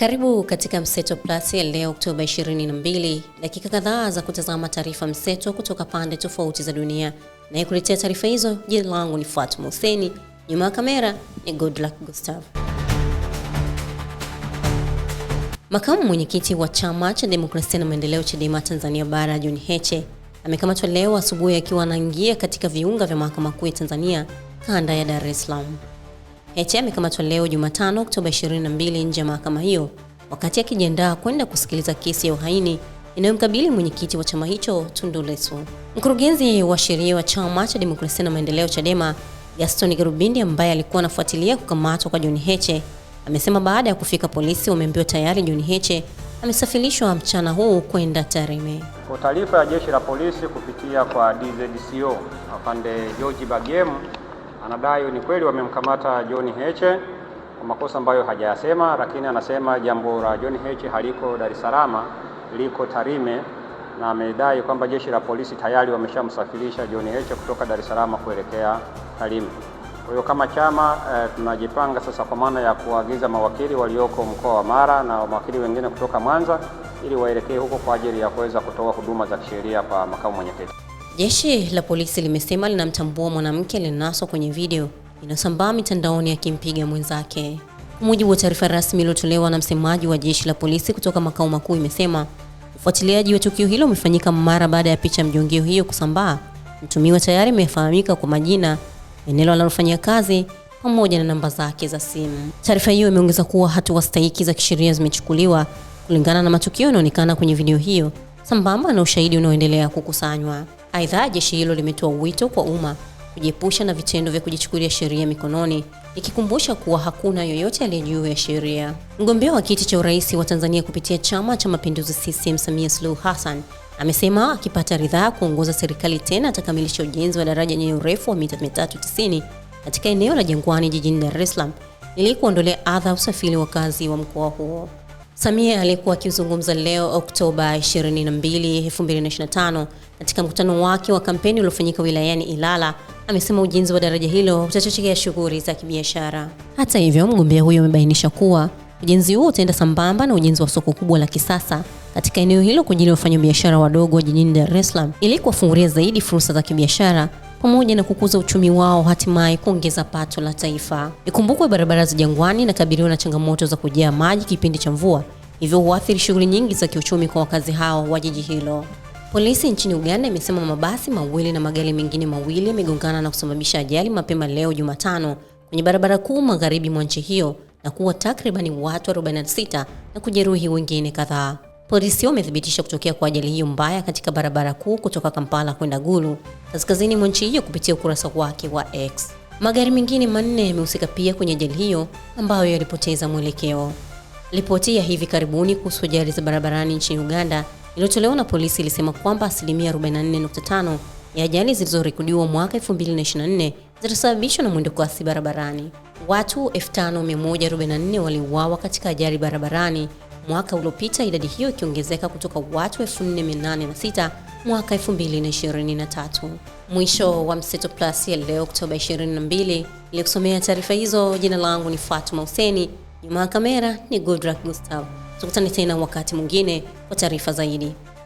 Karibu katika Mseto Plus ya leo Oktoba 22, dakika kadhaa za kutazama taarifa mseto kutoka pande tofauti za dunia. Nayekuletea taarifa hizo, jina langu ni Fatuma Huseni, nyuma ya kamera ni Goodluck Gustav. Makamu mwenyekiti wa Chama cha Demokrasia na Maendeleo Chadema Tanzania Bara, John Heche amekamatwa leo asubuhi akiwa anaingia katika viunga vya Mahakama Kuu ya Tanzania kanda ya Dar es Salaam. Heche amekamatwa leo Jumatano Oktoba 22 nje ya mahakama hiyo wakati akijiandaa kwenda kusikiliza kesi ya uhaini inayomkabili mwenyekiti wa chama hicho Tundu Lissu. Mkurugenzi wa sheria wa chama cha demokrasia na maendeleo Chadema Gaston Gerubindi ambaye alikuwa anafuatilia kukamatwa kwa John Heche amesema baada ya kufika polisi wameambiwa tayari John Heche amesafirishwa mchana huu kwenda Tarime. Kwa taarifa ya jeshi la polisi kupitia kwa DZCO afande George Bagemu anadai ni kweli wamemkamata John Heche kwa makosa ambayo hajayasema, lakini anasema jambo la John Heche haliko Dar es Salaam, liko Tarime, na amedai kwamba jeshi la polisi tayari wameshamsafirisha John Heche kutoka Dar es Salaam kuelekea Tarime. Kwa hiyo kama chama eh, tunajipanga sasa kwa maana ya kuagiza mawakili walioko mkoa wa Mara na mawakili wengine kutoka Mwanza ili waelekee huko kwa ajili ya kuweza kutoa huduma za kisheria kwa makamu mwenyekiti. Jeshi la polisi limesema linamtambua mwanamke alinaswa kwenye video inayosambaa mitandaoni akimpiga mwenzake. Kwa mujibu wa taarifa rasmi iliyotolewa na msemaji wa jeshi la polisi kutoka makao makuu, imesema ufuatiliaji wa tukio hilo umefanyika mara baada ya picha mjongeo hiyo kusambaa. Mtumiwa tayari amefahamika kwa majina, eneo analofanyia kazi pamoja na namba zake za simu. Taarifa hiyo imeongeza kuwa hatua stahiki za kisheria zimechukuliwa kulingana na matukio yanaonekana kwenye video hiyo, sambamba na ushahidi unaoendelea kukusanywa. Aidha, jeshi hilo limetoa wito kwa umma kujiepusha na vitendo vya kujichukulia sheria mikononi, ikikumbusha kuwa hakuna yoyote aliye juu ya sheria. Mgombea wa kiti cha urais wa Tanzania kupitia Chama cha Mapinduzi CCM Samia Suluhu Hassan amesema akipata ridhaa kuongoza serikali tena atakamilisha ujenzi wa daraja lenye urefu wa mita 390 katika eneo la Jangwani jijini Dar es Salaam ili kuondolea adha usafiri wakazi wa mkoa huo. Samia aliyekuwa akizungumza leo Oktoba 22, 2025 katika mkutano wake wa kampeni uliofanyika wilayani Ilala amesema ujenzi wa daraja hilo utachochea shughuli za kibiashara. Hata hivyo, mgombea huyo amebainisha kuwa ujenzi huo utaenda sambamba na ujenzi wa soko kubwa la kisasa katika eneo hilo kwa ajili ya wafanyabiashara wadogo wa jijini Dar es Salaam ili kuwafungulia zaidi fursa za kibiashara pamoja na kukuza uchumi wao, hatimaye kuongeza pato la taifa. Ikumbukwe barabara za Jangwani inakabiliwa na changamoto za kujaa maji kipindi cha mvua, hivyo huathiri shughuli nyingi za kiuchumi kwa wakazi hao wa jiji hilo. Polisi nchini Uganda imesema mabasi mawili na magari mengine mawili yamegongana na kusababisha ajali mapema leo Jumatano kwenye barabara kuu magharibi mwa nchi hiyo na kuwa takribani watu 46 na kujeruhi wengine kadhaa. Polisi wamethibitisha kutokea kwa ajali hiyo mbaya katika barabara kuu kutoka Kampala kwenda Gulu, kaskazini mwa nchi hiyo kupitia ukurasa wake wa X. Magari mengine manne yamehusika pia kwenye ajali hiyo ambayo yalipoteza mwelekeo. Ripoti ya hivi karibuni kuhusu ajali za barabarani nchini Uganda iliyotolewa na polisi ilisema kwamba asilimia 44.5 ya ajali zilizorekodiwa mwaka 2024 zilisababishwa na mwendo kasi barabarani. Watu 5144 waliuawa katika ajali barabarani mwaka uliopita, idadi hiyo ikiongezeka kutoka watu 486 mwaka 2023. Mwisho wa Mseto Plus ya leo Oktoba 22, iliyokusomea taarifa hizo, jina langu ni Fatuma Huseni, nyuma ya kamera ni Goodrak Gustav. Tukutane tena wakati mwingine kwa taarifa zaidi.